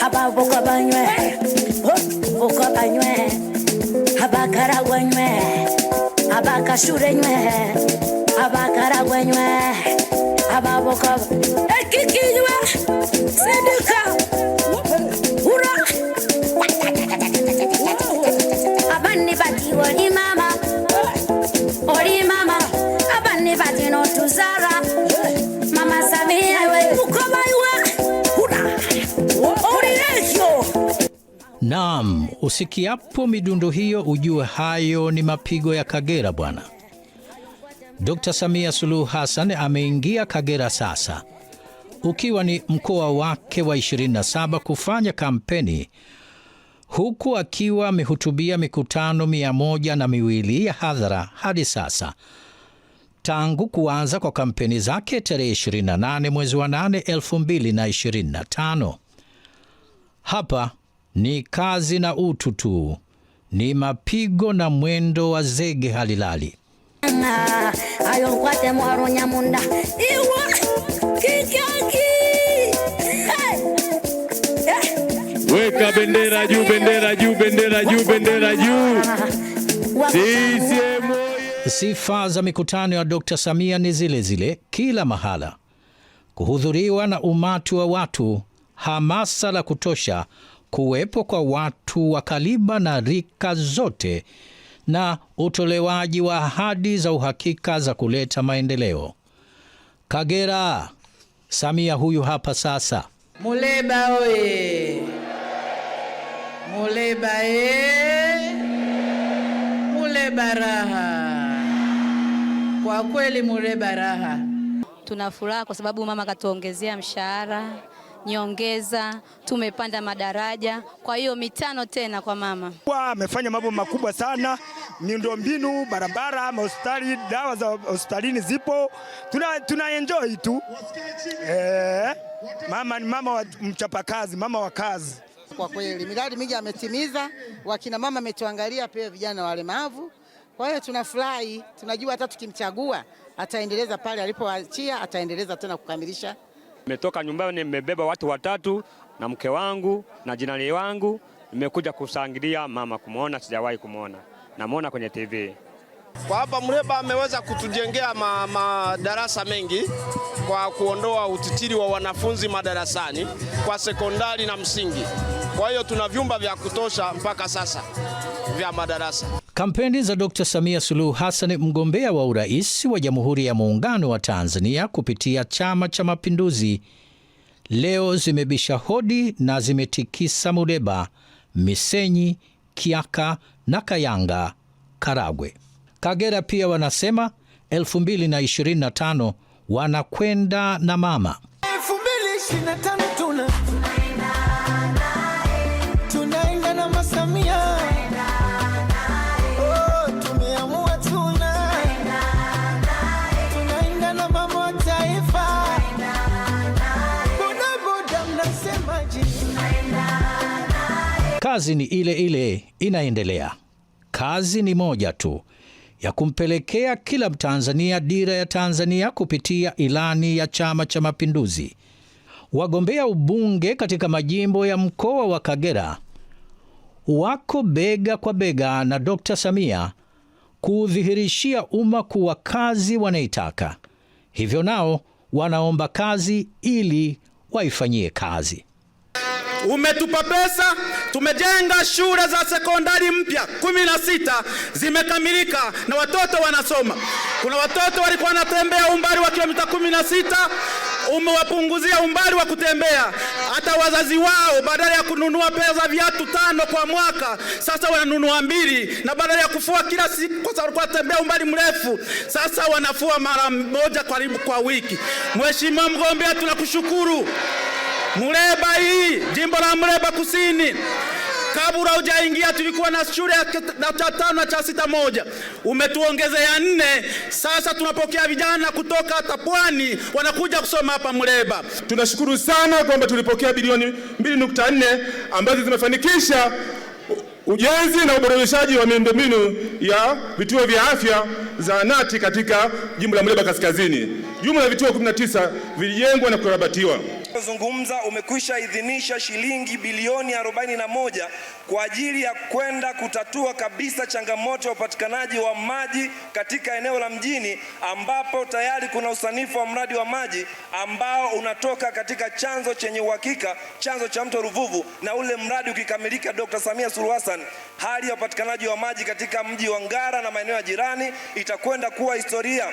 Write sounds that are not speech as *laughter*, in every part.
haba boko banywe boko banywe haba karagwenywe haba kashurenywe haba karagwenywe haba boko ura abani batiwo Naam, usikiapo midundo hiyo ujue hayo ni mapigo ya Kagera bwana. Dr. Samia Suluhu Hassan ameingia Kagera sasa, ukiwa ni mkoa wake wa 27 kufanya kampeni, huku akiwa amehutubia mikutano mia moja na miwili ya hadhara hadi sasa tangu kuanza kwa kampeni zake tarehe 28 mwezi wa 8 2025. Hapa ni kazi na utu tu, ni mapigo na mwendo wa zege halilali. Weka bendera juu, bendera juu, bendera juu, bendera juu. Sifa za mikutano ya Dr. Samia ni zile zile kila mahala, kuhudhuriwa na umati wa watu, hamasa la kutosha kuwepo kwa watu wa kaliba na rika zote na utolewaji wa ahadi za uhakika za kuleta maendeleo. Kagera, Samia huyu hapa sasa. Muleba oye! Muleba e! Muleba raha! Kwa kweli Muleba raha, tuna furaha kwa sababu mama katuongezea mshahara nyongeza, tumepanda madaraja, kwa hiyo mitano tena kwa mama. Amefanya mambo makubwa sana, miundombinu, barabara, mahospitali, dawa za hospitalini zipo, tuna, tuna enjoy tu e, mama ni mama wa mchapakazi, mama wa kazi. Kwa kweli miradi mingi ametimiza, wakina mama ametuangalia, pia vijana walemavu. Kwa hiyo tunafurahi, tunajua hata tukimchagua ataendeleza pale alipoachia, ataendeleza tena kukamilisha Nimetoka nyumbani, nimebeba watu watatu na mke wangu na jinali wangu, nimekuja kusangilia mama kumwona, sijawahi kumwona, namwona kwenye TV. Kwa hapa Muleba ameweza kutujengea madarasa ma mengi kwa kuondoa utitiri wa wanafunzi madarasani kwa sekondari na msingi. Kwa hiyo tuna vyumba vya kutosha mpaka sasa vya madarasa. Kampeni za Dr. Samia Suluhu Hassan, mgombea wa urais wa Jamhuri ya Muungano wa Tanzania kupitia Chama cha Mapinduzi, leo zimebisha hodi na zimetikisa Muleba, Misenyi, Kiaka na Kayanga, Karagwe. Kagera pia wanasema 2025 wanakwenda na mama 2025. kazi ni ile ile inaendelea. Kazi ni moja tu ya kumpelekea kila Mtanzania dira ya Tanzania kupitia ilani ya Chama cha Mapinduzi. Wagombea ubunge katika majimbo ya mkoa wa Kagera wako bega kwa bega na Dkt. Samia kuudhihirishia umma kuwa kazi wanaitaka, hivyo nao wanaomba kazi ili waifanyie kazi umetupa pesa, tumejenga shule za sekondari mpya kumi na sita zimekamilika na watoto wanasoma. Kuna watoto walikuwa wanatembea umbali wa kilomita kumi na sita umewapunguzia umbali wa kutembea. Hata wazazi wao badala ya kununua pesa viatu tano kwa mwaka, sasa wananunua mbili, na badala ya kufua kila siku, kwa sababu walikuwa umbali mrefu, sasa wanafua mara moja karibu kwa wiki. Mheshimiwa mgombea, tunakushukuru. Muleba hii jimbo la Muleba Kusini, kabla hujaingia tulikuwa na shule ya cha tano na cha sita moja, umetuongezea nne. Sasa tunapokea vijana kutoka hata pwani wanakuja kusoma hapa Muleba. Tunashukuru sana kwamba tulipokea bilioni 2.4 ambazo zimefanikisha ujenzi na uboreshaji wa miundombinu ya vituo vya afya zahanati katika jimbo la Muleba Kaskazini. Jumla ya vituo 19 vilijengwa na kukarabatiwa. Zungumza umekwisha idhinisha shilingi bilioni 41 kwa ajili ya kwenda kutatua kabisa changamoto ya upatikanaji wa maji katika eneo la mjini, ambapo tayari kuna usanifu wa mradi wa maji ambao unatoka katika chanzo chenye uhakika, chanzo cha mto Ruvuvu, na ule mradi ukikamilika, Dr. Samia Suluhu Hassan, hali ya upatikanaji wa maji katika mji wa Ngara na maeneo ya jirani itakwenda kuwa historia.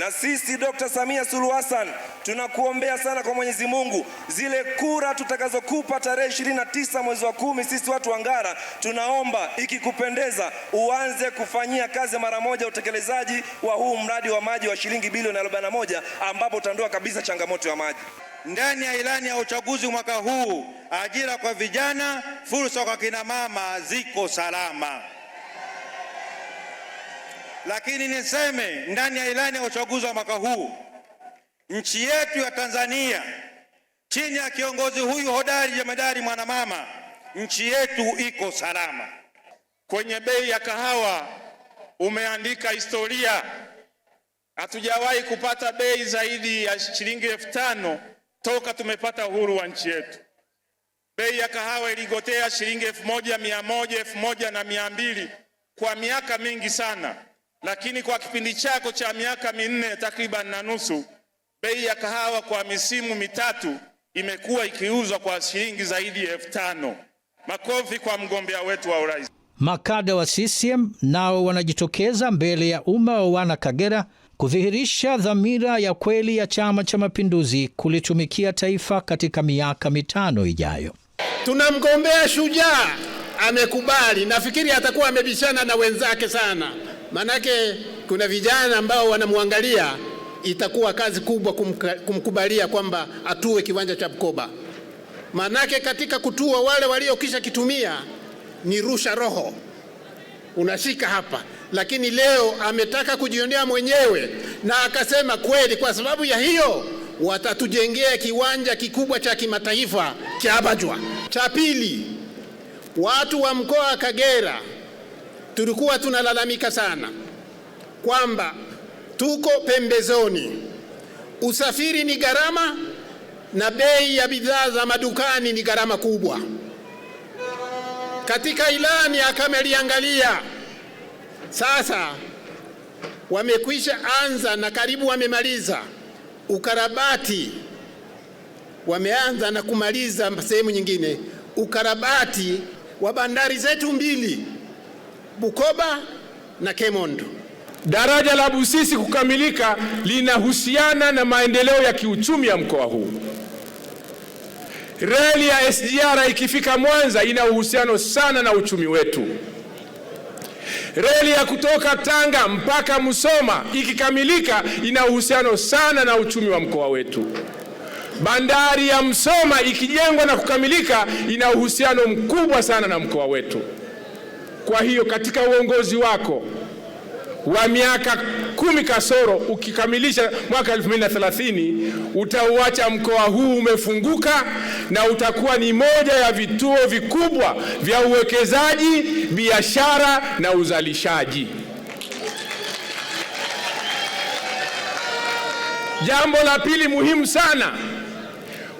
Na sisi Dr. Samia Suluhu Hassan tunakuombea sana kwa Mwenyezi Mungu, zile kura tutakazokupa tarehe 29 mwezi wa kumi, sisi watu wa Ngara tunaomba ikikupendeza, uanze kufanyia kazi mara moja utekelezaji wa huu mradi wa maji wa shilingi bilioni 41 ambapo utaondoa kabisa changamoto ya maji ndani ya ilani ya uchaguzi mwaka huu. Ajira kwa vijana, fursa kwa kinamama ziko salama. Lakini niseme ndani ya ilani ya uchaguzi wa mwaka huu, nchi yetu ya Tanzania chini ya kiongozi huyu hodari jemedari mwanamama, nchi yetu iko salama. Kwenye bei ya kahawa umeandika historia, hatujawahi kupata bei zaidi ya shilingi elfu tano toka tumepata uhuru wa nchi yetu. Bei ya kahawa iligotea shilingi elfu moja mia moja elfu moja na mia mbili kwa miaka mingi sana. Lakini kwa kipindi chako cha miaka minne takriban na nusu, bei ya kahawa kwa misimu mitatu imekuwa ikiuzwa kwa shilingi zaidi ya elfu tano. Makofi kwa mgombea wetu wa urais. Makada wa CCM nao wanajitokeza mbele ya umma wa wana Kagera kudhihirisha dhamira ya kweli ya Chama cha Mapinduzi kulitumikia taifa katika miaka mitano ijayo. Tuna mgombea shujaa, amekubali. Nafikiri atakuwa amebishana na wenzake sana manake kuna vijana ambao wanamwangalia, itakuwa kazi kubwa kumkubalia kwamba atue kiwanja cha Bukoba. Maanake katika kutua, wale waliokisha kitumia ni rusha roho, unashika hapa, lakini leo ametaka kujionea mwenyewe na akasema kweli, kwa sababu ya hiyo watatujengea kiwanja kikubwa cha kimataifa cha Abajwa. Cha pili, watu wa mkoa wa Kagera Tulikuwa tunalalamika sana kwamba tuko pembezoni, usafiri ni gharama na bei ya bidhaa za madukani ni gharama kubwa. Katika ilani akameliangalia sasa, wamekwisha anza na karibu wamemaliza ukarabati, wameanza na kumaliza sehemu nyingine ukarabati wa bandari zetu mbili. Bukoba na Kemondo. Daraja la Busisi kukamilika linahusiana na maendeleo ya kiuchumi ya mkoa huu. Reli ya SGR ikifika Mwanza ina uhusiano sana na uchumi wetu. Reli ya kutoka Tanga mpaka Musoma ikikamilika ina uhusiano sana na uchumi wa mkoa wetu. Bandari ya Musoma ikijengwa na kukamilika ina uhusiano mkubwa sana na mkoa wetu. Kwa hiyo katika uongozi wako wa miaka kumi kasoro ukikamilisha mwaka 2030 utauacha mkoa huu umefunguka na utakuwa ni moja ya vituo vikubwa vya uwekezaji, biashara na uzalishaji. Jambo la pili muhimu sana,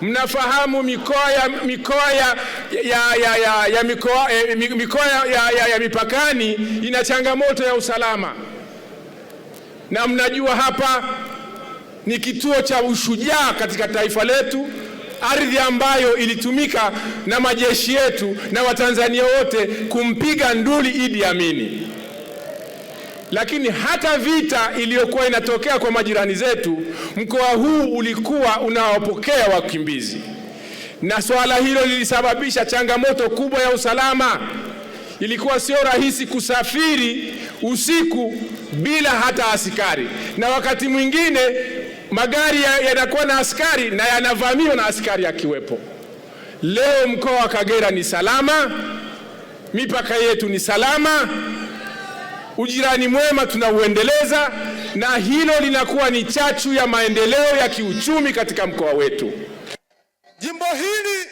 mnafahamu mikoa ya, mikoa ya ya, ya, ya, ya mikoa, eh, mikoa ya, ya, ya mipakani ina changamoto ya usalama, na mnajua hapa ni kituo cha ushujaa katika taifa letu, ardhi ambayo ilitumika na majeshi yetu na Watanzania wote kumpiga nduli Idi Amini. Lakini hata vita iliyokuwa inatokea kwa majirani zetu, mkoa huu ulikuwa unawapokea wakimbizi na swala hilo lilisababisha changamoto kubwa ya usalama. Ilikuwa sio rahisi kusafiri usiku bila hata askari, na wakati mwingine magari yanakuwa ya na askari na yanavamiwa na askari akiwepo. Leo mkoa wa Kagera ni salama, mipaka yetu ni salama, ujirani mwema tunauendeleza, na hilo linakuwa ni chachu ya maendeleo ya kiuchumi katika mkoa wetu jimbo hili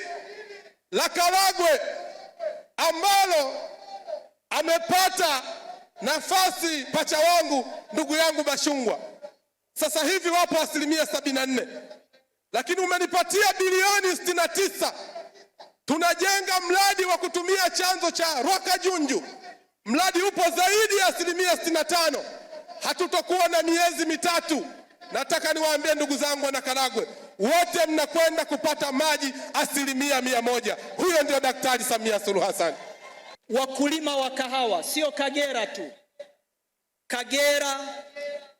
la Karagwe ambalo amepata nafasi pacha wangu ndugu yangu Bashungwa, sasa hivi wapo asilimia sabini na nne, lakini umenipatia bilioni sitini na tisa. Tunajenga mradi wa kutumia chanzo cha Rwakajunju, mradi upo zaidi ya asilimia sitini na tano. Hatutokuwa na miezi mitatu. Nataka niwaambie ndugu zangu wana Karagwe, wote mnakwenda kupata maji asilimia mia moja. Huyo ndio Daktari Samia Suluhu Hassan. Wakulima wa kahawa sio Kagera tu, Kagera,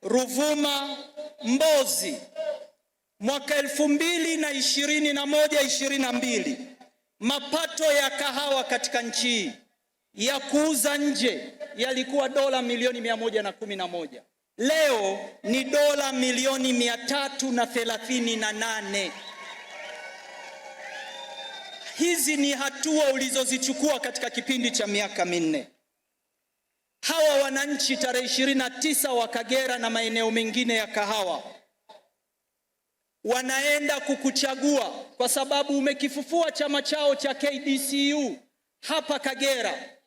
Ruvuma, Mbozi, mwaka elfu mbili na ishirini na moja ishirini na mbili mapato ya kahawa katika nchi hii ya kuuza nje yalikuwa dola milioni mia moja na kumi na moja leo ni dola milioni mia tatu na thelathini na nane. Hizi ni hatua ulizozichukua katika kipindi cha miaka minne. Hawa wananchi tarehe ishirini na tisa wa Kagera na maeneo mengine ya kahawa wanaenda kukuchagua kwa sababu umekifufua chama chao cha KDCU hapa Kagera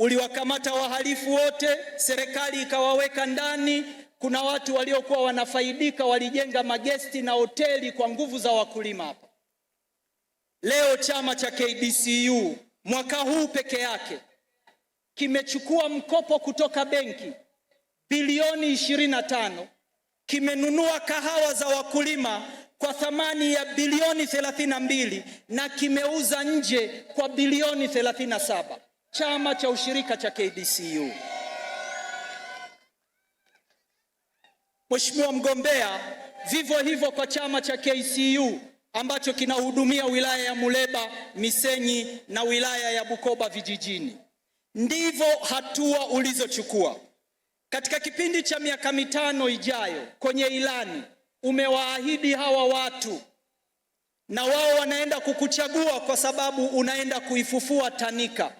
uliwakamata wahalifu wote, serikali ikawaweka ndani. Kuna watu waliokuwa wanafaidika, walijenga magesti na hoteli kwa nguvu za wakulima hapa. Leo chama cha KDCU mwaka huu peke yake kimechukua mkopo kutoka benki bilioni 25, kimenunua kahawa za wakulima kwa thamani ya bilioni 32 na kimeuza nje kwa bilioni 37 chama cha ushirika cha KDCU. Mheshimiwa mgombea, vivyo hivyo kwa chama cha KCU ambacho kinahudumia wilaya ya Muleba, Misenyi na wilaya ya Bukoba vijijini. Ndivyo hatua ulizochukua katika kipindi cha miaka mitano ijayo. Kwenye ilani umewaahidi hawa watu, na wao wanaenda kukuchagua kwa sababu unaenda kuifufua Tanika.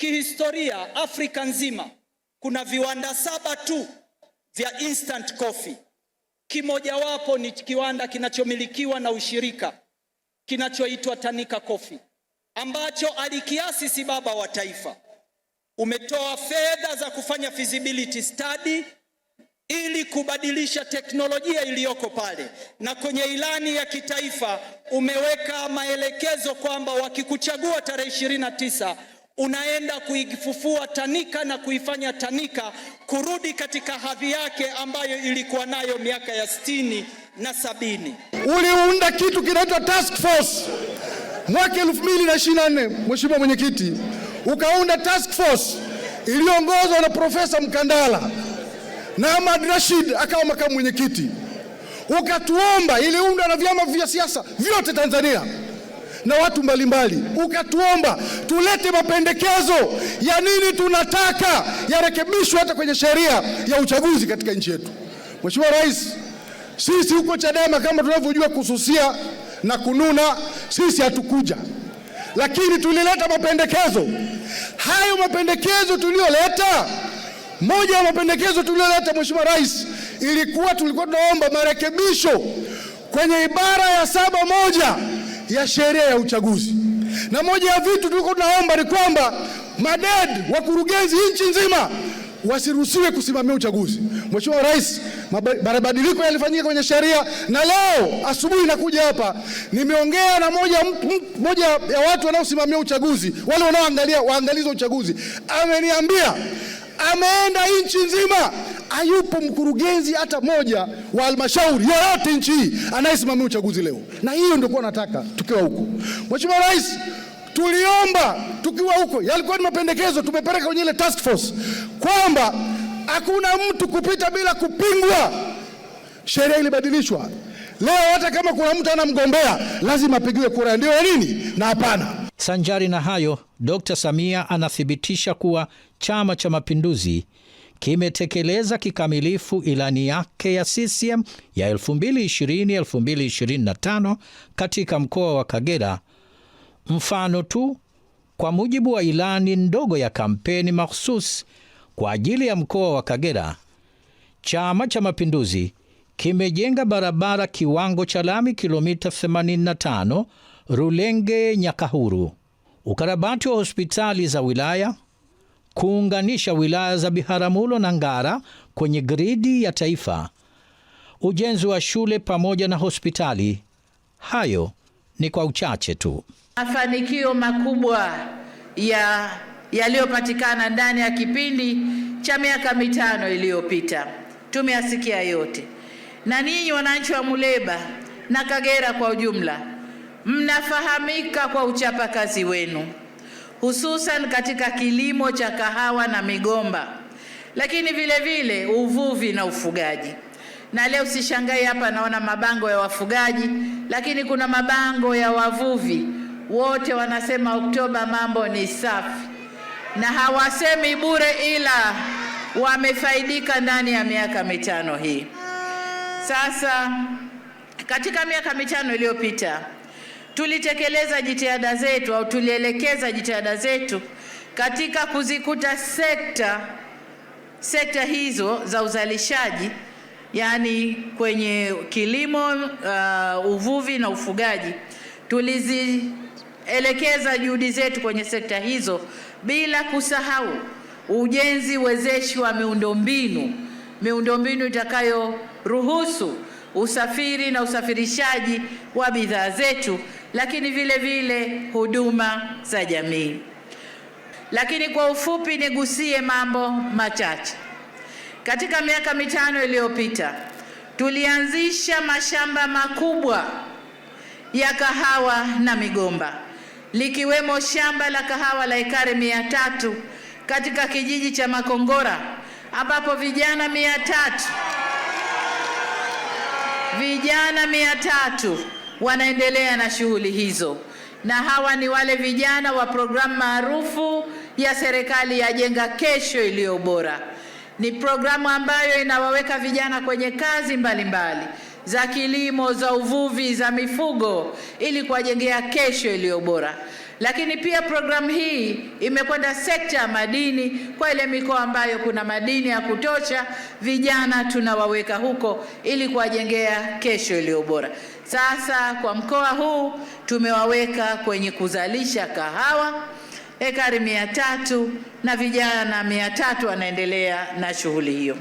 Kihistoria Afrika nzima kuna viwanda saba tu vya instant coffee. Kimojawapo ni kiwanda kinachomilikiwa na ushirika kinachoitwa Tanika Coffee ambacho alikiasisi baba wa taifa. Umetoa fedha za kufanya feasibility study ili kubadilisha teknolojia iliyoko pale, na kwenye ilani ya kitaifa umeweka maelekezo kwamba wakikuchagua tarehe 29 unaenda kuifufua Tanika na kuifanya Tanika kurudi katika hadhi yake ambayo ilikuwa nayo miaka ya sitini na sabini. Uliunda kitu kinaitwa task force mwaka 2024, Mheshimiwa Mwenyekiti, ukaunda task force iliyoongozwa na Profesa Mkandala na Ahmad Rashid akawa makamu mwenyekiti, ukatuomba, iliunda na vyama vya siasa vyote Tanzania na watu mbalimbali, ukatuomba tulete mapendekezo ya nini tunataka yarekebishwe hata kwenye sheria ya uchaguzi katika nchi yetu. Mheshimiwa Rais, sisi huko Chadema kama tunavyojua kususia na kununa, sisi hatukuja, lakini tulileta mapendekezo. Hayo mapendekezo tuliyoleta, moja ya mapendekezo tuliyoleta Mheshimiwa Rais ilikuwa tulikuwa tunaomba marekebisho kwenye ibara ya saba moja ya sheria ya uchaguzi, na moja ya vitu tuko tunaomba ni kwamba maded wakurugenzi nchi nzima wasiruhusiwe kusimamia uchaguzi. Mheshimiwa Rais, mabadiliko yalifanyika kwenye sheria, na leo asubuhi nakuja hapa nimeongea na moja, moja ya watu wanaosimamia uchaguzi, wale wanaoangalia waangalizi wa uchaguzi, ameniambia ameenda nchi nzima, hayupo mkurugenzi hata moja wa halmashauri yoyote nchi hii anayesimamia uchaguzi leo, na hiyo ndio kuwa nataka tukiwa huko. Mheshimiwa Rais, tuliomba tukiwa huko, yalikuwa ni mapendekezo tumepeleka kwenye ile task force kwamba hakuna mtu kupita bila kupingwa. Sheria ilibadilishwa leo, hata kama kuna mtu anamgombea lazima apigiwe kura, ndio nini na hapana Sanjari na hayo, Dkt. Samia anathibitisha kuwa Chama cha Mapinduzi kimetekeleza kikamilifu ilani yake ya CCM ya 2020-2025 katika mkoa wa Kagera. Mfano tu, kwa mujibu wa ilani ndogo ya kampeni mahsusi kwa ajili ya mkoa wa Kagera, Chama cha Mapinduzi kimejenga barabara kiwango cha lami kilomita 85 Rulenge Nyakahuru ukarabati wa hospitali za wilaya, kuunganisha wilaya za Biharamulo na Ngara kwenye gridi ya taifa, ujenzi wa shule pamoja na hospitali. Hayo ni kwa uchache tu mafanikio makubwa ya yaliyopatikana ndani ya kipindi cha miaka mitano iliyopita. Tumeyasikia yote, na ninyi wananchi wa Muleba na Kagera kwa ujumla Mnafahamika kwa uchapakazi wenu hususan katika kilimo cha kahawa na migomba, lakini vile vile uvuvi na ufugaji. Na leo sishangai, hapa naona mabango ya wafugaji, lakini kuna mabango ya wavuvi. Wote wanasema Oktoba mambo ni safi, na hawasemi bure, ila wamefaidika ndani ya miaka mitano hii. Sasa katika miaka mitano iliyopita tulitekeleza jitihada zetu au tulielekeza jitihada zetu katika kuzikuta sekta sekta hizo za uzalishaji, yaani kwenye kilimo, uh, uvuvi na ufugaji, tulizielekeza juhudi zetu kwenye sekta hizo bila kusahau ujenzi wezeshi wa miundombinu, miundombinu itakayoruhusu usafiri na usafirishaji wa bidhaa zetu lakini vile vile huduma za jamii. Lakini kwa ufupi nigusie mambo machache. Katika miaka mitano iliyopita tulianzisha mashamba makubwa ya kahawa na migomba likiwemo shamba la kahawa la ekari mia tatu katika kijiji cha Makongora ambapo vijana mia tatu vijana mia tatu wanaendelea na shughuli hizo, na hawa ni wale vijana wa programu maarufu ya serikali ya Jenga Kesho iliyo Bora. Ni programu ambayo inawaweka vijana kwenye kazi mbalimbali mbali za kilimo, za uvuvi, za mifugo ili kuwajengea kesho iliyo bora. Lakini pia programu hii imekwenda sekta ya madini kwa ile mikoa ambayo kuna madini ya kutosha, vijana tunawaweka huko ili kuwajengea kesho iliyo bora. Sasa kwa mkoa huu tumewaweka kwenye kuzalisha kahawa ekari mia tatu na vijana mia tatu wanaendelea na shughuli hiyo.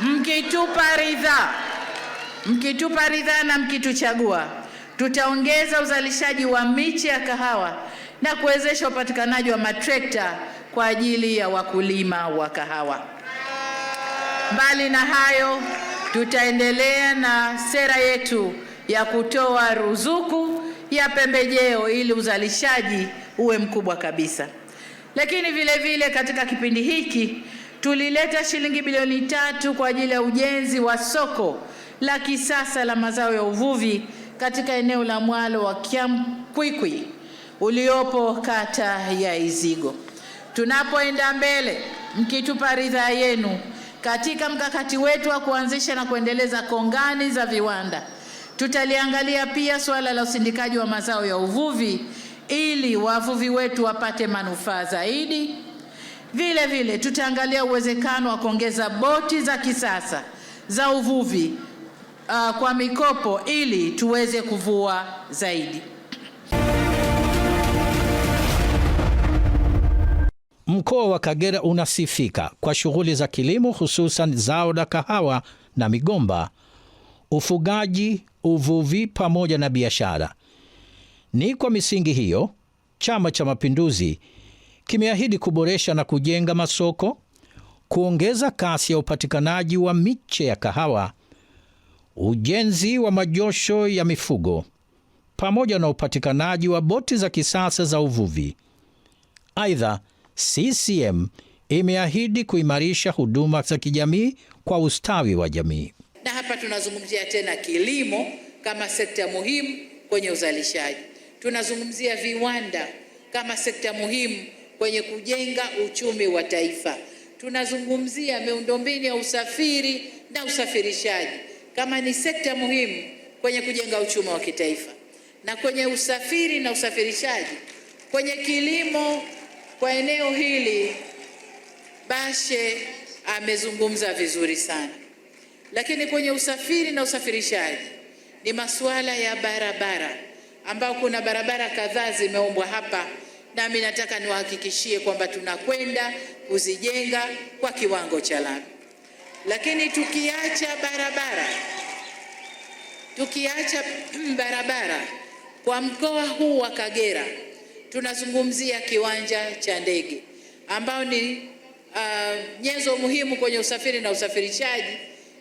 Mkitupa ridhaa, mkitupa ridhaa na mkituchagua, tutaongeza uzalishaji wa miche ya kahawa na kuwezesha upatikanaji wa matrekta kwa ajili ya wakulima wa kahawa. Mbali na hayo, tutaendelea na sera yetu ya kutoa ruzuku ya pembejeo ili uzalishaji uwe mkubwa kabisa. Lakini vile vile katika kipindi hiki tulileta shilingi bilioni tatu kwa ajili ya ujenzi wa soko la kisasa la mazao ya uvuvi katika eneo la mwalo wa Kyamkwikwi uliopo kata ya Izigo. Tunapoenda mbele, mkitupa ridhaa yenu katika mkakati wetu wa kuanzisha na kuendeleza kongani za viwanda Tutaliangalia pia suala la usindikaji wa mazao ya uvuvi ili wavuvi wetu wapate manufaa zaidi. Vile vile tutaangalia uwezekano wa kuongeza boti za kisasa za uvuvi uh, kwa mikopo ili tuweze kuvua zaidi. Mkoa wa Kagera unasifika kwa shughuli za kilimo, hususan zao la kahawa na migomba, ufugaji uvuvi pamoja na biashara. Ni kwa misingi hiyo Chama cha Mapinduzi kimeahidi kuboresha na kujenga masoko, kuongeza kasi ya upatikanaji wa miche ya kahawa, ujenzi wa majosho ya mifugo pamoja na upatikanaji wa boti za kisasa za uvuvi. Aidha, CCM imeahidi kuimarisha huduma za kijamii kwa ustawi wa jamii na hapa tunazungumzia tena kilimo kama sekta muhimu kwenye uzalishaji, tunazungumzia viwanda kama sekta muhimu kwenye kujenga uchumi wa taifa, tunazungumzia miundombinu ya usafiri na usafirishaji kama ni sekta muhimu kwenye kujenga uchumi wa kitaifa, na kwenye usafiri na usafirishaji, kwenye kilimo kwa eneo hili Bashe amezungumza vizuri sana. Lakini kwenye usafiri na usafirishaji ni masuala ya barabara, ambao kuna barabara kadhaa zimeombwa hapa, nami nataka niwahakikishie kwamba tunakwenda kuzijenga kwa kiwango cha lami. Lakini tukiacha barabara, tukiacha *clears throat* barabara kwa mkoa huu wa Kagera tunazungumzia kiwanja cha ndege ambao ni uh, nyenzo muhimu kwenye usafiri na usafirishaji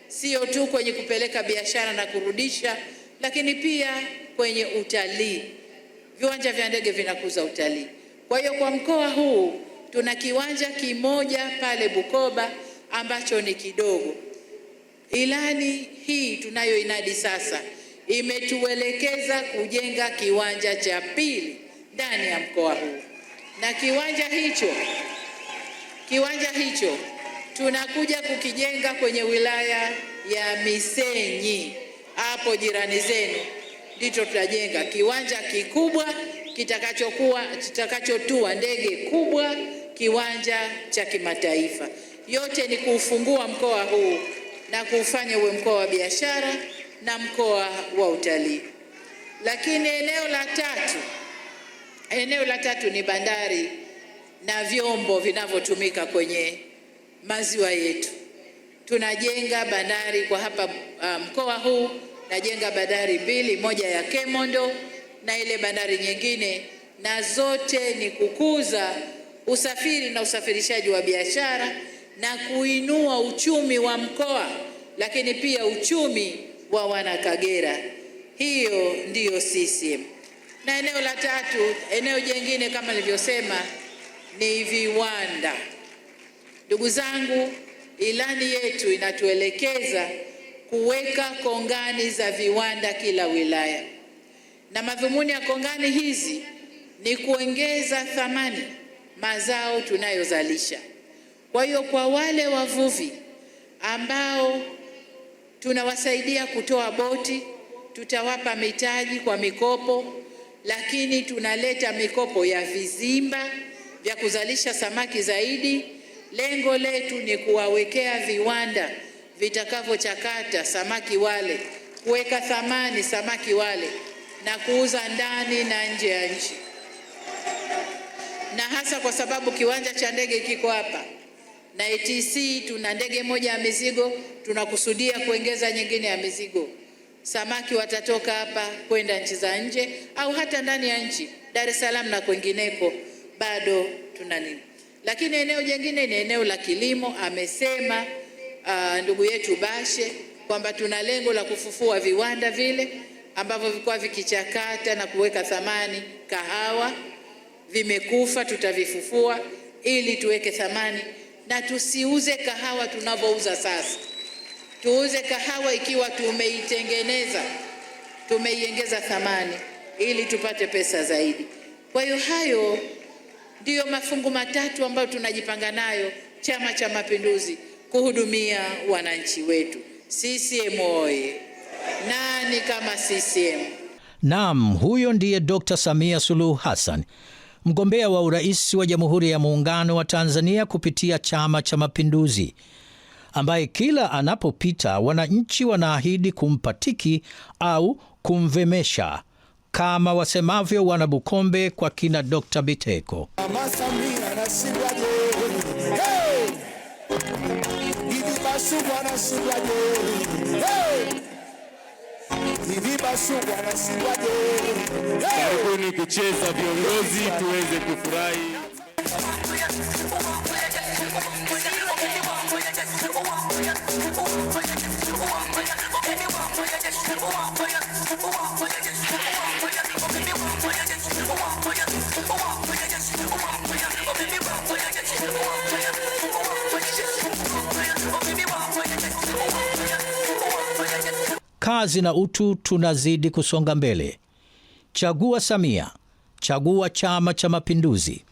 sio tu kwenye kupeleka biashara na kurudisha, lakini pia kwenye utalii. Viwanja vya ndege vinakuza utalii. Kwa hiyo kwa mkoa huu tuna kiwanja kimoja pale Bukoba ambacho ni kidogo. Ilani hii tunayoinadi sasa imetuelekeza kujenga kiwanja cha pili ndani ya mkoa huu, na kiwanja hicho kiwanja hicho tunakuja kukijenga kwenye wilaya ya Misenyi, hapo jirani zenu, ndicho tutajenga kiwanja kikubwa kitakachokuwa kitakachotua ndege kubwa, kiwanja cha kimataifa. Yote ni kuufungua mkoa huu na kuufanya uwe mkoa wa biashara na mkoa wa utalii. Lakini eneo la tatu, eneo la tatu ni bandari na vyombo vinavyotumika kwenye maziwa yetu. Tunajenga bandari kwa hapa uh, mkoa um, huu najenga bandari mbili, moja ya Kemondo na ile bandari nyingine, na zote ni kukuza usafiri na usafirishaji wa biashara na kuinua uchumi wa mkoa, lakini pia uchumi wa Wanakagera. Hiyo ndiyo CCM. Na eneo la tatu, eneo jingine kama nilivyosema ni viwanda. Ndugu zangu, ilani yetu inatuelekeza kuweka kongani za viwanda kila wilaya, na madhumuni ya kongani hizi ni kuongeza thamani mazao tunayozalisha. Kwa hiyo, kwa wale wavuvi ambao tunawasaidia kutoa boti, tutawapa mitaji kwa mikopo, lakini tunaleta mikopo ya vizimba vya kuzalisha samaki zaidi Lengo letu ni kuwawekea viwanda vitakavyochakata samaki wale, kuweka thamani samaki wale na kuuza ndani na nje ya nchi, na hasa kwa sababu kiwanja cha ndege kiko hapa na ATC tuna ndege moja ya mizigo, tunakusudia kuongeza nyingine ya mizigo. Samaki watatoka hapa kwenda nchi za nje au hata ndani ya nchi, Dar es Salaam na kwingineko Bado tuna nini lakini eneo jingine ni eneo la kilimo. Amesema uh, ndugu yetu Bashe kwamba tuna lengo la kufufua viwanda vile ambavyo vilikuwa vikichakata na kuweka thamani kahawa, vimekufa, tutavifufua ili tuweke thamani na tusiuze kahawa tunavyouza sasa. Tuuze kahawa ikiwa tumeitengeneza, tumeiongeza thamani ili tupate pesa zaidi. Kwa hiyo hayo ndiyo mafungu matatu ambayo tunajipanga nayo Chama cha Mapinduzi kuhudumia wananchi wetu. CCM oye! Nani kama CCM? Naam, huyo ndiye Dr. Samia Suluhu Hassan mgombea wa urais wa Jamhuri ya Muungano wa Tanzania kupitia Chama cha Mapinduzi, ambaye kila anapopita wananchi wanaahidi kumpa tiki au kumvemesha kama wasemavyo wana Bukombe kwa kina Dr. Biteko. Karibuni kucheza viongozi, tuweze kufurahi. Kazi na utu, tunazidi kusonga mbele. Chagua Samia, chagua Chama cha Mapinduzi.